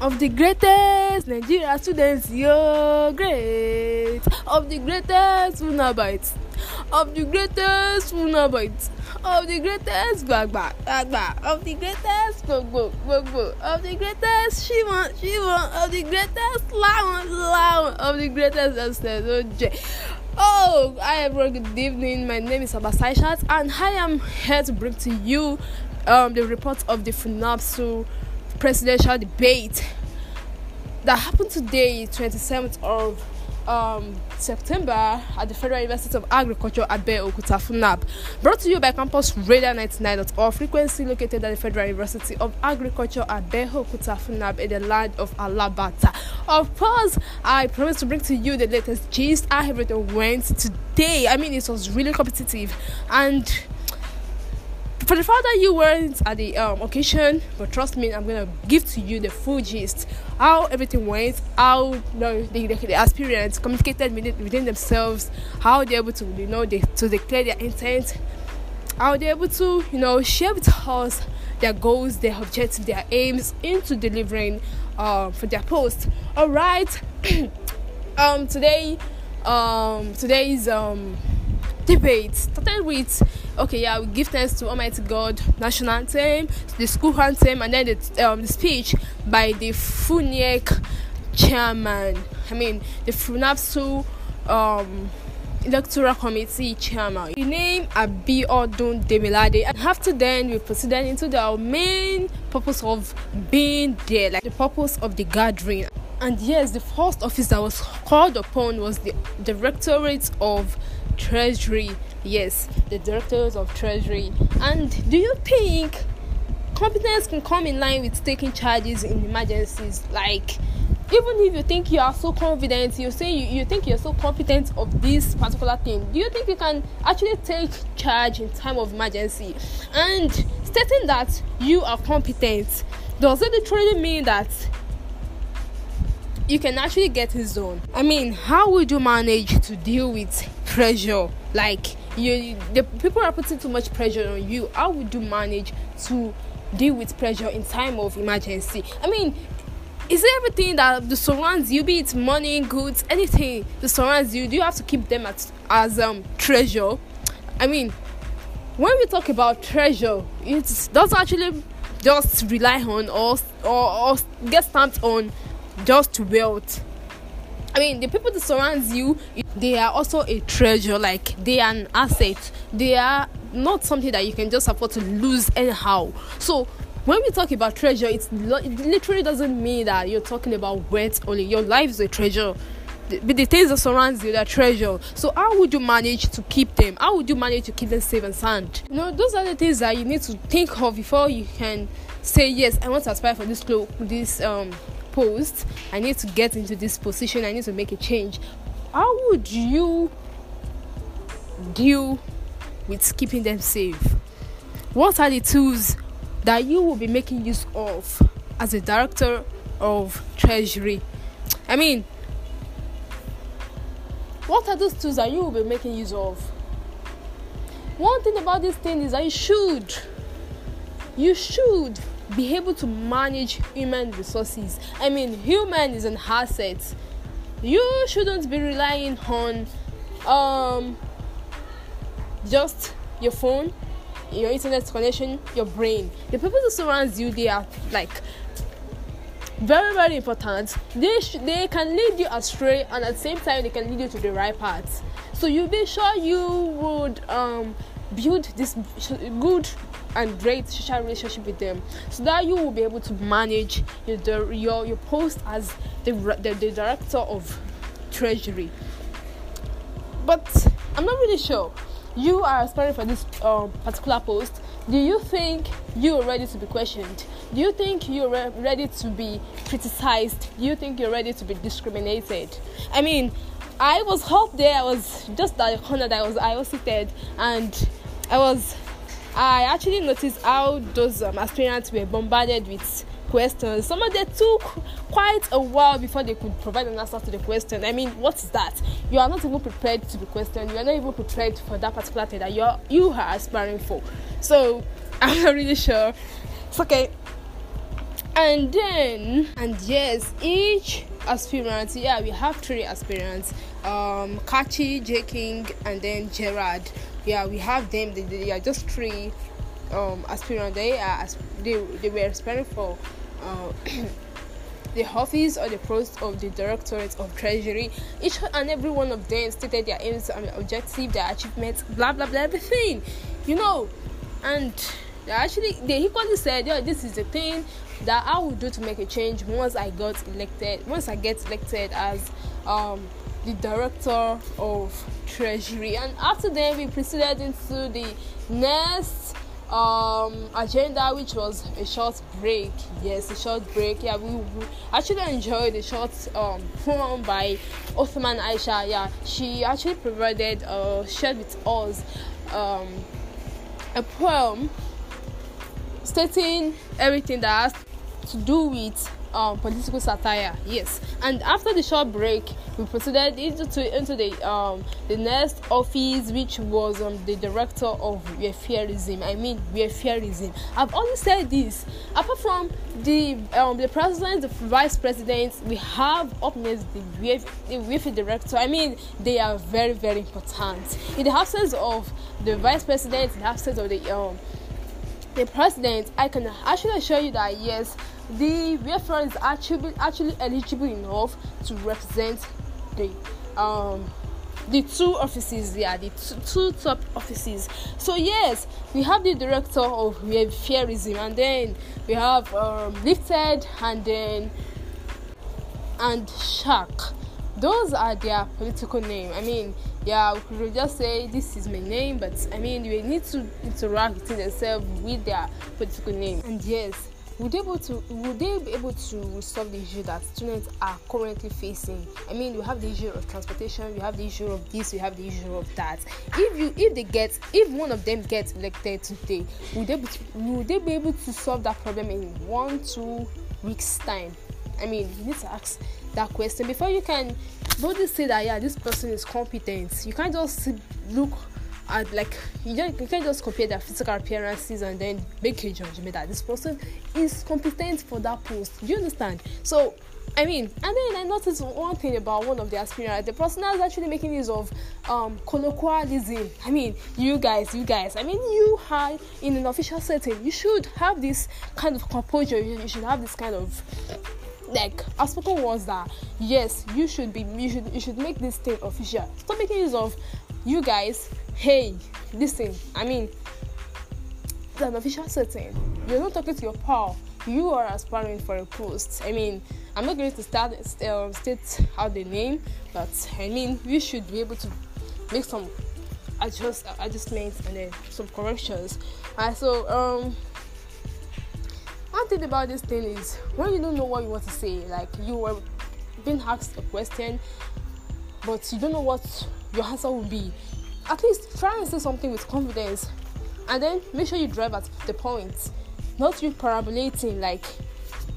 of the greatest Nigeria students yo great of the greatest funabites of the greatest funabites of the greatest gbagba gbagba of the greatest gbogbo gbogbo of the greatest shimon shimon of the greatest lawon lawon of the greatest ancestors oje. Oh, hi oh, everyone, good evening. My name is Abasai Shat, and I am here to bring to you um, the report of the So. presidential debate that happened today, 27th of um, September at the Federal University of Agriculture Abeokuta FUNAB. Brought to you by Campus Radio 99.0 frequency located at the Federal University of Agriculture Abeokuta FUNAB in the land of Alabata. Of course, I promise to bring to you the latest gist. I have written went today. I mean, it was really competitive and for the fact that you weren't at the um, occasion, but trust me, I'm gonna give to you the full gist how everything went, how you know, they, the they experienced, communicated within, within themselves, how they're able to you know they, to declare their intent, how they're able to you know share with us their goals, their objectives, their aims into delivering uh, for their post. All right, um, today, um, today's um debate started with okay yeah we give thanks to almighty god national team, the school anthem and then the, um, the speech by the funiec chairman i mean the funapsu um, electoral committee chairman the name abi odun demilade and after then we proceeded into the main purpose of being there like the purpose of the gathering and yes the first office that was called upon was the directorate of treasury yes the directors of treasury and do you think competence can come in line with taking charges in emergencies like even if you think you are so confident you say you, you think you're so competent of this particular thing do you think you can actually take charge in time of emergency and stating that you are competent does it literally mean that you can actually get his own i mean how would you manage to deal with pressure like you, you, the people are putting too much pressure on you how would you manage to deal with pressure in time of emergency i mean is everything that the surrounds you be it money goods anything that surrounds you do you have to keep them as um treasure i mean when we talk about treasure it doesn't actually just rely on or, or, or get stamped on just wealth I mean, the people that surrounds you, they are also a treasure. Like they are an asset. They are not something that you can just afford to lose anyhow. So when we talk about treasure, it literally doesn't mean that you're talking about wealth only. Your life is a treasure. The, the things that surrounds you, are treasure. So how would you manage to keep them? How would you manage to keep them safe and sound? You know, those are the things that you need to think of before you can say yes. I want to aspire for this, clo- this um, post. I need to get into this position. I need to make a change. How would you deal with keeping them safe? What are the tools that you will be making use of as a director of treasury? I mean, what are those tools that you will be making use of? One thing about this thing is I should, you should be able to manage human resources. I mean, human is an asset. You shouldn't be relying on um, just your phone, your internet connection, your brain. The people who surround you, they are like very very important. They sh- they can lead you astray, and at the same time, they can lead you to the right path. So you be sure you would um, build this good and great social relationship with them so that you will be able to manage your your, your post as the, the, the director of treasury but i'm not really sure you are aspiring for this um, particular post do you think you're ready to be questioned do you think you're re- ready to be criticized do you think you're ready to be discriminated i mean i was hot there i was just at the corner that i was i was seated and i was I actually noticed how those um, aspirants were bombarded with questions. Some of them took quite a while before they could provide an answer to the question. I mean, what is that? You are not even prepared to be questioned. You are not even prepared for that particular thing that you are, you are aspiring for. So I'm not really sure. It's okay. And then, and yes, each aspirant, yeah, we have three aspirants um, Kachi, J. King, and then Gerard yeah we have them they, they are just three um aspirants they uh, are they, they were aspiring for uh, the office or the post of the Directorate of Treasury. Each and every one of them stated their aims and objective, their achievements, blah blah blah, everything, you know. And they actually, they equally said, "Yeah, this is the thing that I will do to make a change once I got elected. Once I get elected as um, the director of treasury and after then we proceeded into the next um, agenda which was a short break yes a short break yeah we, we actually enjoyed the short um, poem by Othman Aisha yeah she actually provided uh, shared with us um, a poem stating everything that has to do with um, political satire. Yes. And after the short break, we proceeded into, into the um, the next office, which was um, the director of welfareism. I mean welfareism. I've always said this. Apart from the um, the president, the vice president, we have up next the the welfare director. I mean they are very very important. In the absence of the vice president, in the absence of the um, the president, I can actually assure you that yes, the referee is actually actually eligible enough to represent the um the two offices are the two, two top offices so yes we have the director of fairism and then we have um, lifted and then and shark those are their political name i mean yeah we could just say this is my name but i mean we need to interact with themselves with their political name and yes would able to would they be able to solve the issue that students are currently facing i mean we have the issue of transportation we have the issue of this we have the issue of that if you if they get if one of them gets elected today would they be, would they be able to solve that problem in one two weeks time i mean you need to ask that question before you can boldly say that yeah this person is competent you can't just look and like you don't you can't just compare their physical appearances and then make a judgment that this person is competent for that post. Do you understand? So I mean, and then I noticed one thing about one of the aspirants. The person is actually making use of um, colloquialism. I mean, you guys, you guys. I mean, you are in an official setting. You should have this kind of composure. You, you should have this kind of like outspoken words that yes, you should be. You should you should make this thing official. Stop making use of you guys, hey, listen, I mean, it's an official setting. You're not talking to your pal. You are aspiring for a post. I mean, I'm not going to start um, state out the name, but I mean, you should be able to make some adjust adjustments and then some corrections. so, um, one thing about this thing is when you don't know what you want to say, like you were being asked a question, but you don't know what your answer will be at least try and say something with confidence and then make sure you drive at the point not you parabolating like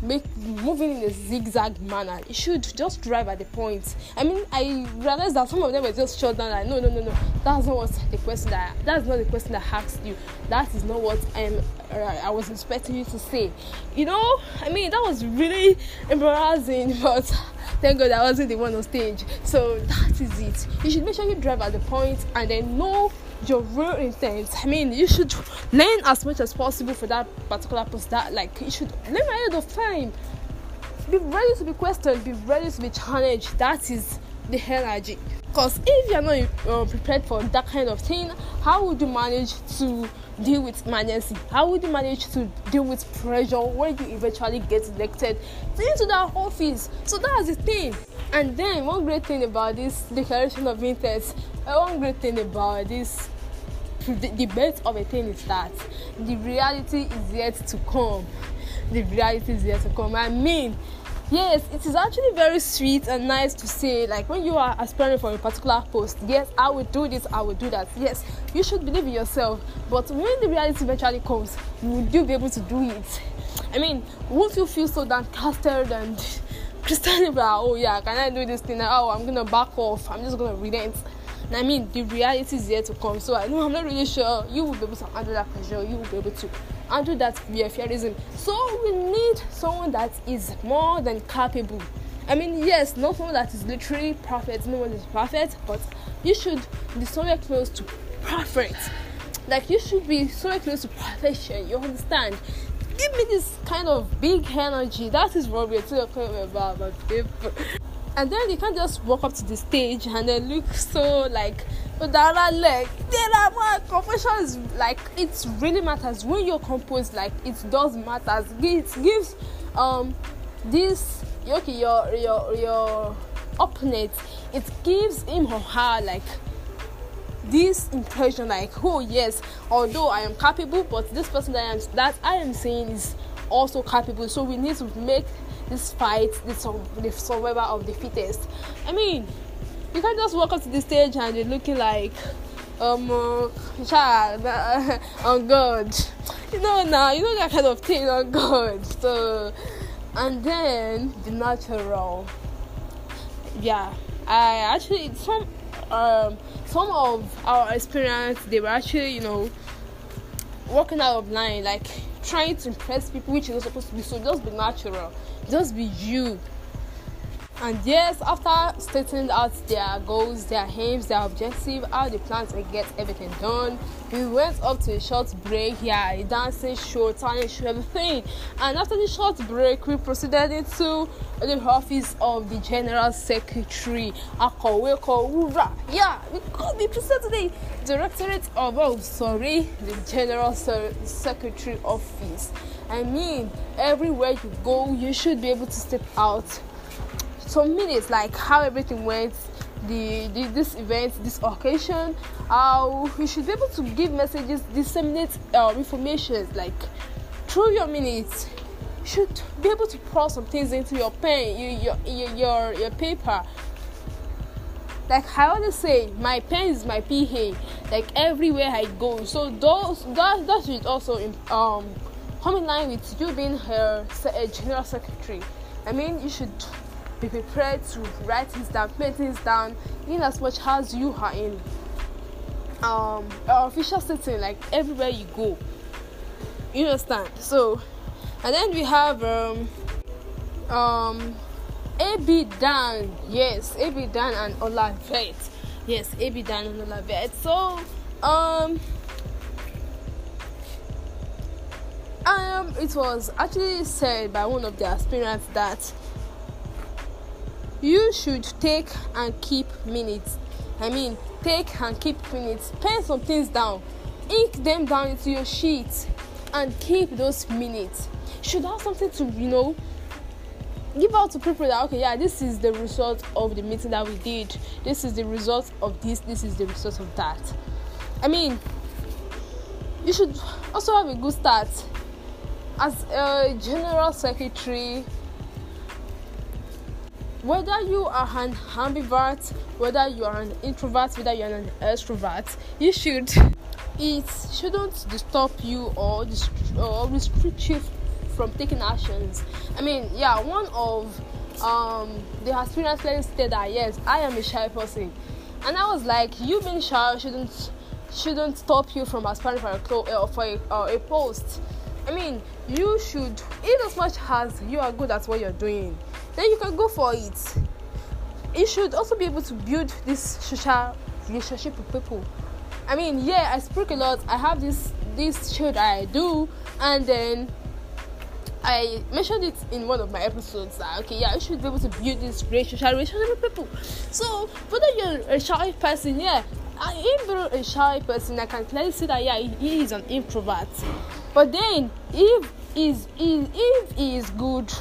make moving in a zigzag manner you should just drive at the point i mean i realized that some of them were just shut down like no no no no that's not what the question that that's not the question that asked you that is not what I'm. I was expecting you to say. You know, I mean, that was really embarrassing, but thank God I wasn't the one on stage. So that is it. You should make sure you drive at the point and then know your real intent. I mean, you should learn as much as possible for that particular post. That like you should learn ahead of time. Be ready to be questioned. Be ready to be challenged. That is the energy because if you're not uh, prepared for that kind of thing how would you manage to deal with emergency how would you manage to deal with pressure when you eventually get elected into that office so that's the thing and then one great thing about this declaration of interest. Uh, one great thing about this debate the best of a thing is that the reality is yet to come the reality is yet to come i mean yes it is actually very sweet and nice to say like when you are aspiring for a particular post yes i will do this i will do that yes you should believe in yourself but when the reality eventually comes will you be able to do it i mean won't you feel so downcasted and christian like oh yeah can i do this thing oh i'm gonna back off i'm just gonna relent and i mean the reality is yet to come so i know i'm not really sure you will be able to handle that pressure you will be able to handle that behaviorism. So we need someone that is more than capable. I mean, yes, not someone that is literally perfect, no one is perfect, but you should be somewhere close to perfect. Like you should be somewhere close to perfection, you understand? Give me this kind of big energy. That is what we're talking about, my people. And then you can't just walk up to the stage and then look so like Udara leg. There are more confessions. Like it really matters when you compose. Like it does matters. It gives um this okay your your your opponent. It gives him or her like this impression like oh yes although i am capable but this person that i am that i am seeing is also capable so we need to make this fight the, survivor of the fittest i mean you can't just walk up to the stage and you're looking like um child uh, on God. You know now, you know that kind of thing on God. So and then the natural. Yeah. I actually some um some of our experience they were actually, you know, walking out of line, like trying to impress people which is not supposed to be so just be natural. Just be you. And yes, after stating out their goals, their aims, their objective, how they plan to get everything done, we went up to a short break, yeah, a dancing show, talent show, everything. And after the short break, we proceeded into the office of the General Secretary, Akowe Kowura. Yeah, we could be presented the Directorate of, oh, sorry, the General Se- Secretary Office. I mean, everywhere you go, you should be able to step out some minutes like how everything went the, the, this event, this occasion. Uh, you should be able to give messages, disseminate uh, um, information like through your minutes. You should be able to pour some things into your pen, your your your, your paper. Like I always say, my pen is my PA. Like everywhere I go, so those that that should also um come in line with you being her general secretary. I mean, you should be prepared to write things down, print things down, in as much as you are in um, an official setting, like everywhere you go. You understand? So, and then we have um, um, AB Dan, yes, AB Dan and Olavet, yes, AB Dan and Olavet. So, um, um, it was actually said by one of the aspirants that you should take and keep minutes i mean take and keep minutes pen some things down ink them down into your sheet and keep those minutes you should have something to you know give out to people that okay yeah this is the result of the meeting that we did this is the result of this this is the result of that i mean you should also have a good start as a general secretary whether you are an ambivert, whether you are an introvert, whether you are an extrovert, you should it shouldn't disturb you or, or restrict you from taking actions. I mean, yeah, one of um, the experienced lady said that yes, I am a shy person, and I was like, you being shy shouldn't shouldn't stop you from aspiring for a clo- uh, for a, uh, a post. I mean, you should, in as much as you are good at what you're doing, then you can go for it you should also be able to build this social relationship with people i mean yeah i speak a lot i have this this show that i do and then I mentioned it in one of my episodes that okay, yeah, you should be able to build this great social relationship with people. So whether you're a shy person, yeah, I you a shy person, I can clearly see that yeah, he is an introvert. But then if is if, if he is good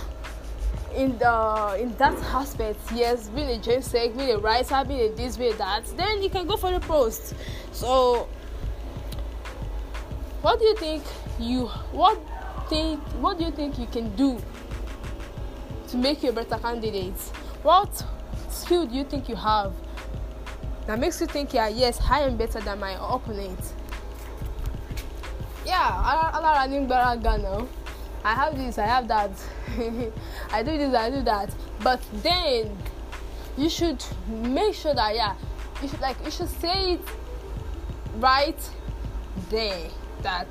in the in that aspect yes being a james being a writer being a this being a that then you can go for the post so what do you think you what think what do you think you can do to make you a better candidate what skill do you think you have that makes you think yeah yes i am better than my opponent yeah I'm alára ní gbára now. I have this, I have that, I do this, I do that. But then you should make sure that yeah, you should like you should say it right there that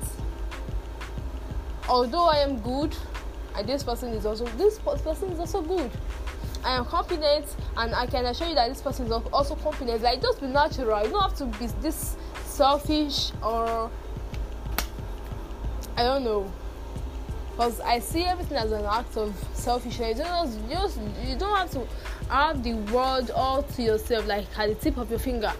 although I am good and this person is also this person is also good. I am confident and I can assure you that this person is also confident. Like just be natural. You don't have to be this selfish or I don't know because I see everything as an act of selfishness. You don't just, you don't have to have the world all to yourself, like at the tip of your finger.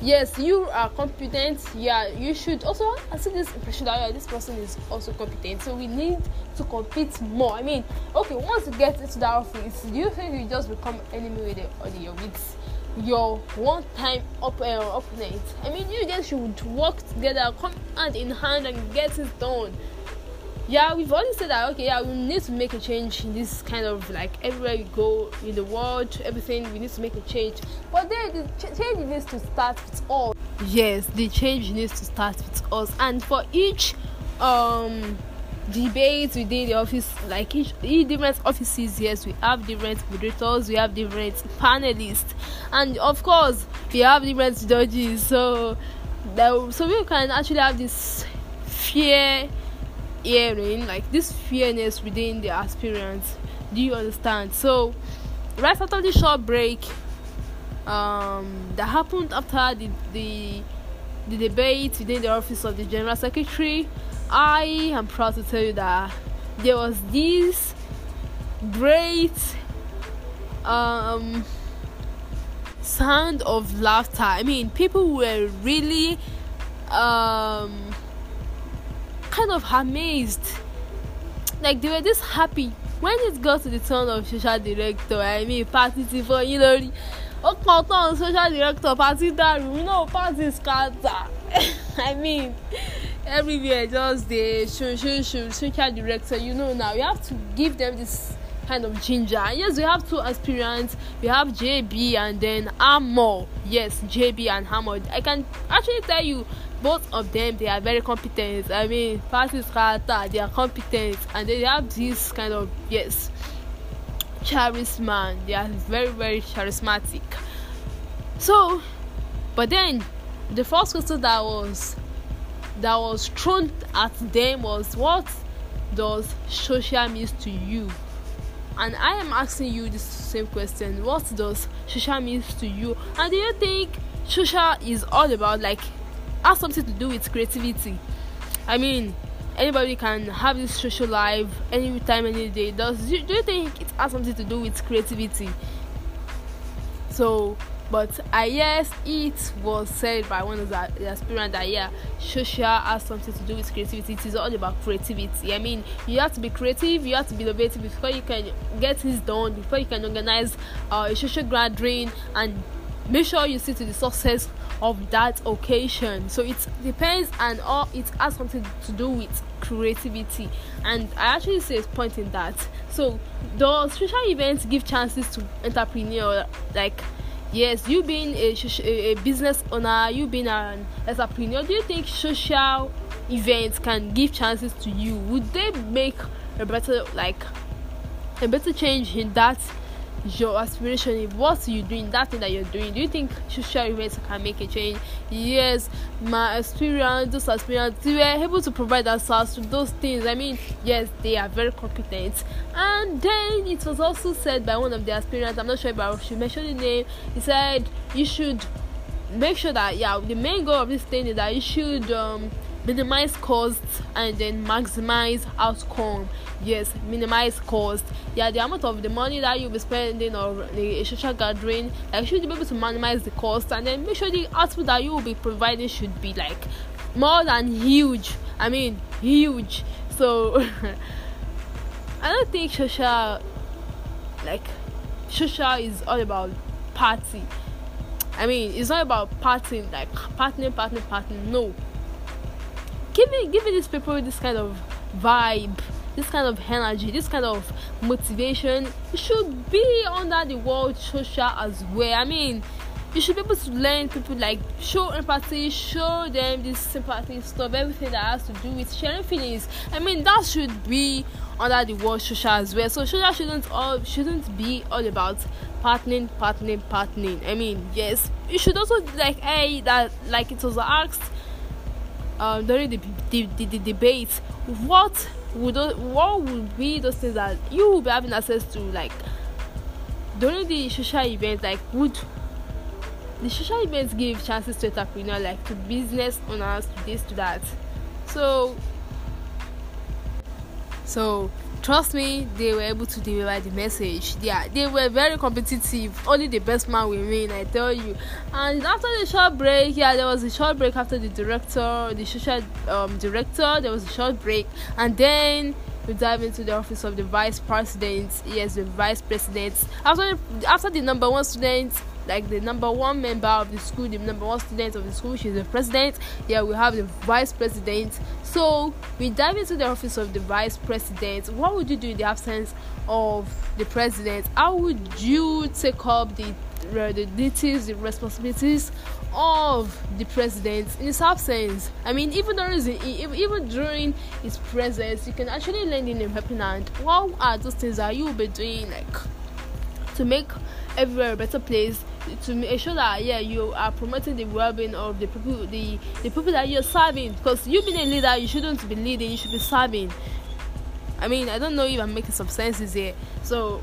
Yes, you are competent. Yeah, you should also. I see this impression that yeah, this person is also competent. So we need to compete more. I mean, okay, once you get into that office, do you think you just become enemy with the, or with your one-time up, uh, eh, opponent? I mean, you guys should work together, come hand in hand, and get it done yeah we've already said that okay yeah we need to make a change in this kind of like everywhere you go in the world everything we need to make a change but then the ch- change needs to start with all yes the change needs to start with us and for each um debate within the office like each, each different offices yes we have different moderators we have different panelists and of course we have different judges so that, so we can actually have this fear hearing, like this fairness within the aspirants. Do you understand? So, right after the short break, um, that happened after the, the the debate within the office of the general secretary, I am proud to tell you that there was this great um, sound of laughter. I mean, people were really um, kind of amazed like they were just happy when it got to the turn of social director i mean party ti fọ yín lórí ó kàn social director party dàrú you know party scatter i mean everywhere just dey shun shun shun social director you know now you have to give them this kind of ginger and yes we have two aspirants we have jb and then amor yes jb and amor i can actually tell you both of them they are very competent i mean Patsy's character they are competent and they have this kind of yes charisma they are very very charismatic so but then the first question that was that was thrown at them was what does social means to you and i am asking you the same question what does social means to you and do you think social is all about like has something to do with creativity. I mean, anybody can have this social life any time, any day. Does do you think it has something to do with creativity? So, but I guess it was said by one of the, the aspirants that yeah, social has something to do with creativity. It is all about creativity. I mean, you have to be creative, you have to be innovative before you can get things done, before you can organize uh, a social gathering and make sure you see to the success of that occasion so it depends and all it has something to do with creativity and i actually see a point in that so those social events give chances to entrepreneur like yes you being a, a business owner you being an entrepreneur do you think social events can give chances to you would they make a better like a better change in that your aspiration is what you doing that thing that you're doing do you think social events can make a change yes my experience those experience they were able to provide answers to those things i mean yes they are very competent and then it was also said by one of the aspirants i'm not sure if i should mention the name he said you should make sure that yeah the main goal of this thing is that you should um, minimize costs and then maximize outcome yes minimize cost yeah the amount of the money that you'll be spending on the social gathering like should be able to minimize the cost and then make sure the output that you will be providing should be like more than huge i mean huge so i don't think social like social is all about party i mean it's not about partying like partying, partying, partying. no giving giving these people this kind of vibe this kind of energy this kind of motivation should be under the world social as well i mean you should be able to learn people like show empathy show them this sympathy stuff everything that has to do with sharing feelings i mean that should be under the world social as well so social shouldn't all shouldn't be all about partnering partnering partnering i mean yes you should also like hey that like it was asked uh, during the, the, the, the debates what would what would be those things that you will be having access to like during the social events like would the social events give chances to entrepreneurs like to business owners to this to that so so trust me they were able to deliver the message yeah they were very competitive only the best man will win i tell you and after the short break yeah there was a short break after the director the social um, director there was a short break and then we dive into the office of the vice president yes the vice president after the, after the number one student like the number one member of the school, the number one student of the school. She's the president. Yeah, we have the vice president. So we dive into the office of the vice president. What would you do in the absence of the president? How would you take up the uh, the duties, the responsibilities of the president in his absence. I mean, even during even during his presence, you can actually lend in a helping hand. What are those things that you will be doing, like, to make everywhere a better place to ensure that yeah you are promoting the well-being of the people the the people that you're serving because you being a leader you shouldn't be leading you should be serving i mean i don't know if i'm making some senses here so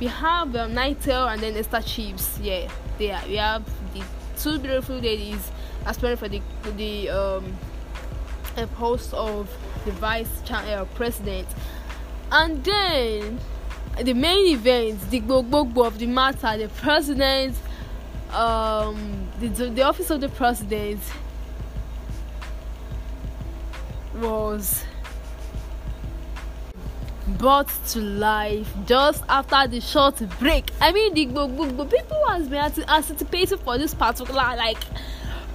we have um, and then Esther Chips. Yeah, there we have the two beautiful ladies aspiring for the the um, post of the vice uh, president, and then the main event the gbogbogbò of the matter the president um, the, the office of the president was brought to life just after the short break i mean the gbogbogbò people has been anticipating for this particular like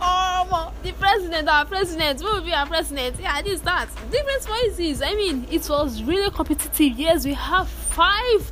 Oh, the president, our president, who will be our president? Yeah, this, that. Different voices. I mean, it was really competitive. Yes, we have five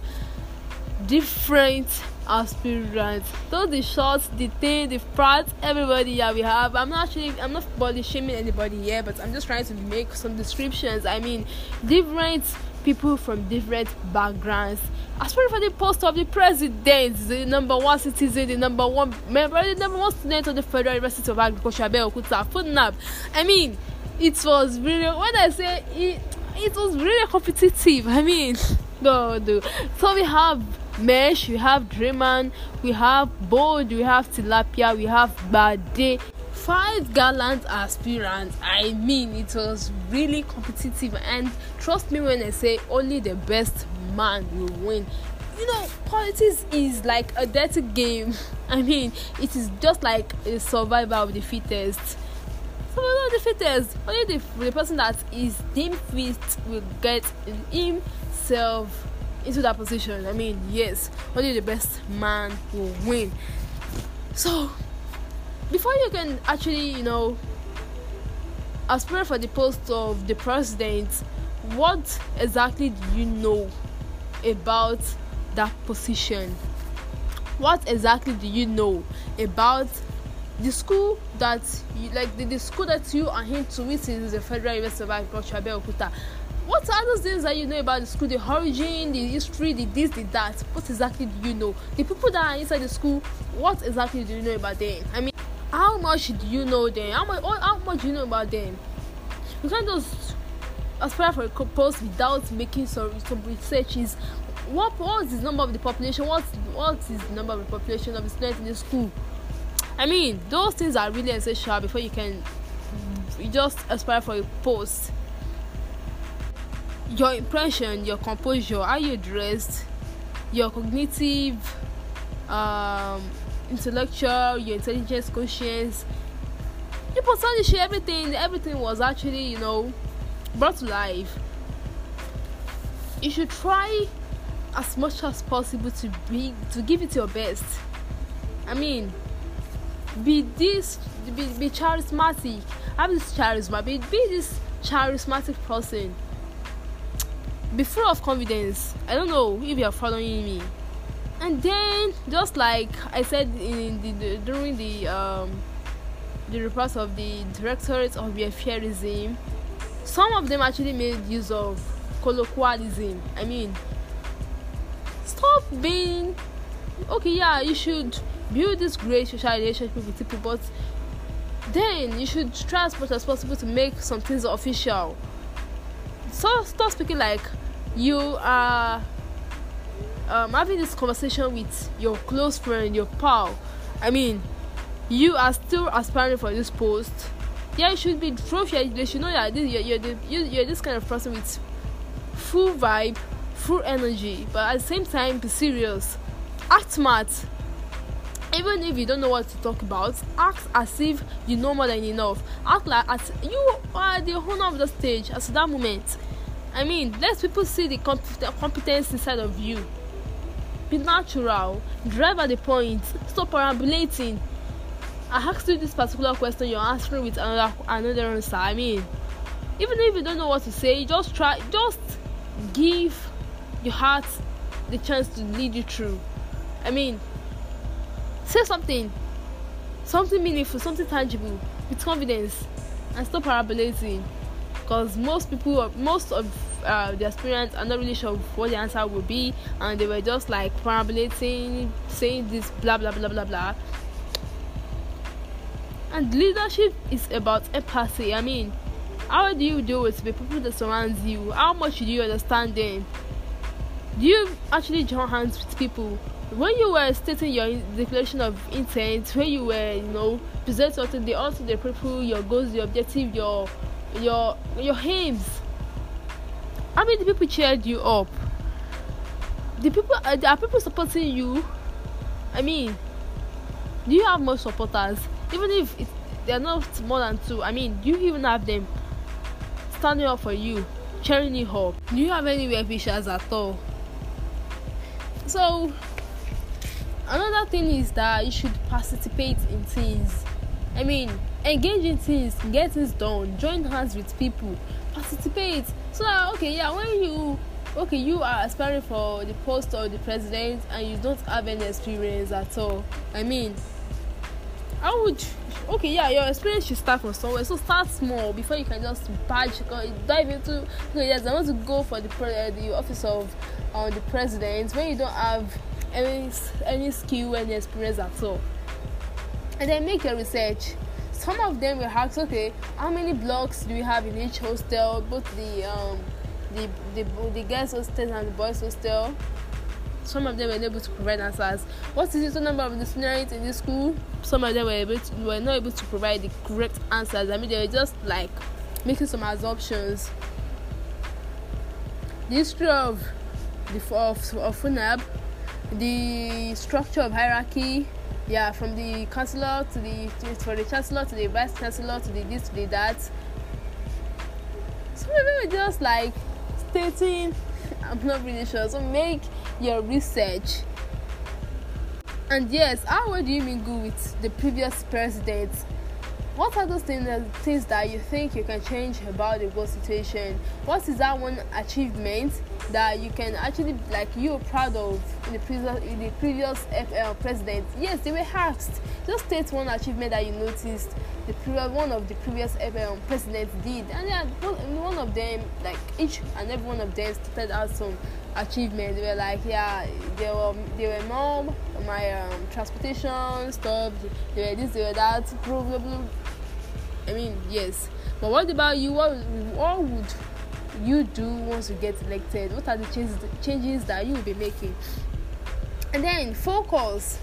different aspirants. So the shots, the thing, the frat, everybody yeah we have. I'm not actually I'm not body shaming anybody here, but I'm just trying to make some descriptions. I mean different people from different backgrounds. As for the post of the president, the number one citizen, the number one member, the number one student of the Federal University of Agriculture, Okuta FUNAB. I mean, it was really, when I say it, it was really competitive. I mean, God. So we have Mesh, we have Drayman, we have Bold, we have Tilapia, we have Bade. five gallant aspirants i mean it was really competitive and trust me when i say only the best man will win you know politics is like a dirty game i mean it is just like a survival of the fittest survival of the fittest only the, the person that is deemed fit will get himself into that position i mean yes only the best man will win so before you can actually, you know, aspire for the post of the president, what exactly do you know about that position? What exactly do you know about the school that you like the, the school that you are to, which is the Federal University of Agriculture Abeokuta? What are those things that you know about the school, the origin, the history, the this, the that? What exactly do you know? The people that are inside the school, what exactly do you know about them? I mean how much do you know them? How much, oh, how much do you know about them? You can't just aspire for a post without making some, some researches. What what is the number of the population? What what is the number of the population of the students in the school? I mean, those things are really essential before you can you just aspire for a post. Your impression, your composure, how you dressed, your cognitive um, intellectual, your intelligence conscience You potentially everything, everything was actually, you know, brought to life. You should try as much as possible to be to give it your best. I mean, be this be, be charismatic. Have this charisma. Be, be this charismatic person. Be full of confidence. I don't know if you are following me and then just like I said in the, the during the um, the reports of the directorate of behaviorism, some of them actually made use of colloquialism. I mean, stop being okay. Yeah, you should build this great social relationship with people, but then you should try as much as possible to make some things official. So stop speaking like you are um, having this conversation with your close friend, your pal, I mean, you are still aspiring for this post. Yeah, it should be proof. Yeah, they should know that this, you're, you're, the, you you're this kind of person with full vibe, full energy, but at the same time, be serious. Act smart. Even if you don't know what to talk about, act as if you know more than enough. Act like as you are the owner of the stage at that moment. I mean, let people see the, comp- the competence inside of you. Be natural. Drive at the point. Stop parabolating. I asked you this particular question, you're answering with another another answer. I mean, even if you don't know what to say, just try. Just give your heart the chance to lead you through. I mean, say something, something meaningful, something tangible, with confidence, and stop parabolating. Because most people, are most of uh, their i are not really sure what the answer will be, and they were just like formulating, saying this blah blah blah blah blah. And leadership is about empathy. I mean, how do you deal with the people that surrounds you? How much do you understand them? Do you actually join hands with people? When you were stating your declaration of intent, when you were, you know, present something, the also the people, your goals, your objective, your your your aims how many people cheered you up the people uh, are people supporting you i mean do you have more supporters even if they're not more than two i mean do you even have them standing up for you cheering you up do you have any weird pictures at all so another thing is that you should participate in things i mean engage in things get things done join hands with people participate So okay, yeah, when you okay you are aspiring for the post of the president and you don't have any experience at all. I mean, how would okay yeah your experience should start from somewhere so start small before you can just badge dive into okay yes i want to go for the pre- uh, the office of uh, the president when you don't have any any skill any experience at all and then make your research some of them were asked, okay, how many blocks do we have in each hostel, both the um, the, the, the girls' hostel and the boys' hostel? Some of them were able to provide answers. What is the total number of the students in this school? Some of them were able to, were not able to provide the correct answers. I mean, they were just like making some assumptions. The history of the of, of FUNAB, the structure of hierarchy, yeah, from the chancellor to the from the chancellor to the vice chancellor to the this to the that. So maybe were just like stating, I'm not really sure. So make your research. And yes, how would you mingle with the previous president? What are those things that, things that you think you can change about the world situation? What is that one achievement that you can actually like you're proud of in the previous in the previous president. Yes, they were asked. Just state one achievement that you noticed the previous one of the previous FL president did, and yeah, one of them like each and every one of them stated out some achievements. They were like, yeah, they were they were more my um, transportation stuff. They were this, they were that. Probably, I mean, yes. But what about you? What, what would you do once you get elected what are the changes changes that you will be making and then focus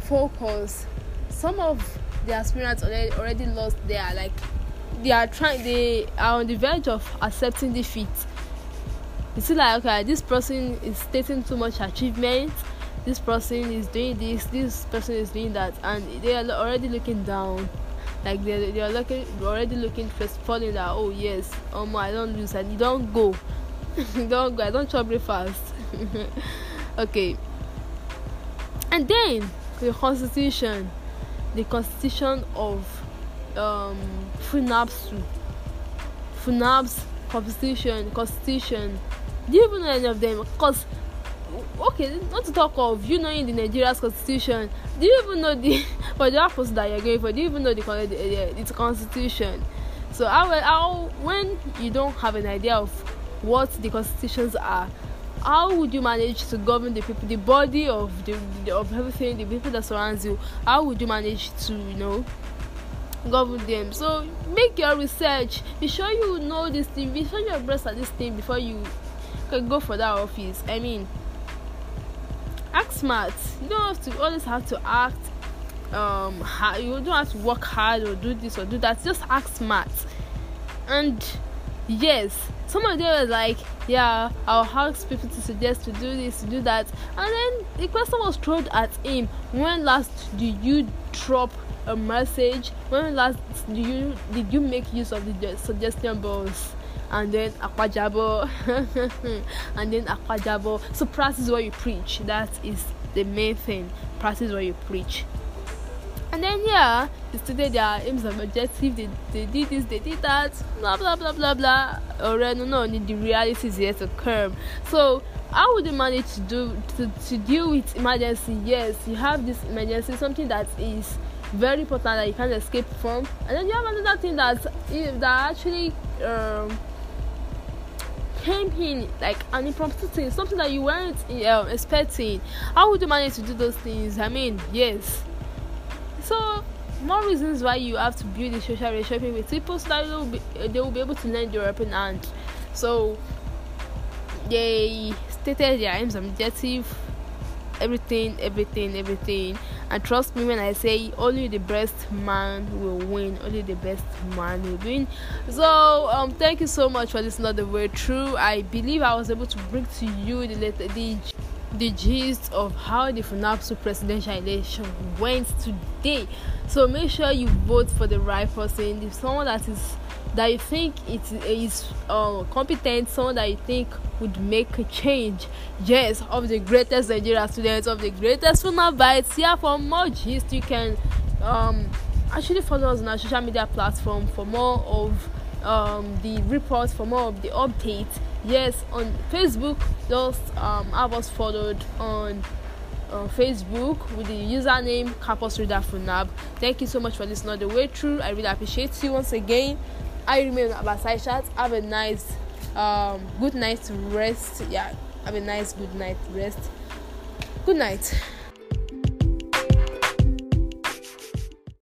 focus some of the aspirants already, already lost their like they are trying they are on the verge of accepting defeat you see like okay this person is stating too much achievement this person is doing this this person is doing that and they are already looking down like they're, they're looking already looking falling that oh yes um i don't lose and you don't go don't go i don't chop fast. okay and then the constitution the constitution of um funapsu funapsu constitution constitution do you even know any of them because okay, not to talk of you knowing the Nigeria's constitution. Do you even know the for the purpose that you're going for? Do you even know the, the, the, the constitution? So how, how when you don't have an idea of what the constitutions are, how would you manage to govern the people, the body of the, the of everything, the people that surrounds you? How would you manage to you know govern them? So make your research. Be sure you know this thing. Be sure you're abreast at this thing before you can go for that office. I mean act smart you don't have to always have to act um hard. you don't have to work hard or do this or do that just act smart and yes some of them were like yeah i'll ask people to suggest to do this to do that and then the question was thrown at him when last did you drop a message when last did you did you make use of the suggestion box and then akwajabo and then akwajabo so practice what you preach that is the main thing practice what you preach and then yeah they stated their aims and objectives they, they did this they did that blah blah blah blah blah already no no the reality is yet to come so how would you manage to do to, to deal with emergency yes you have this emergency something that is very important that you can't escape from and then you have another thing that that actually um, came in like an impromptu thing, something that you weren't uh, expecting. How would you manage to do those things? I mean, yes. So more reasons why you have to build a social relationship with people so that they will be, uh, they will be able to lend your open hand. So they stated their aims and objectives everything, everything, everything. And trust me when I say only the best man will win, only the best man will win. So, um, thank you so much for listening all the way through. I believe I was able to bring to you the letter, the the gist of how the FUNAPSU presidential election went today. So make sure you vote for the right person. If someone that is that you think it is uh, competent, someone that you think would make a change. Yes, of the greatest Nigeria students, of the greatest Funabites. Here for more gist, you can um, actually follow us on our social media platform for more of um, the reports, for more of the updates. Yes, on Facebook, just um, have us followed on on Facebook with the username Campus Reader Funab. Thank you so much for listening all the way through. I really appreciate you once again. I remain Abba Saishat. Have a nice, um, good night rest. Yeah, have a nice, good night rest. Good night.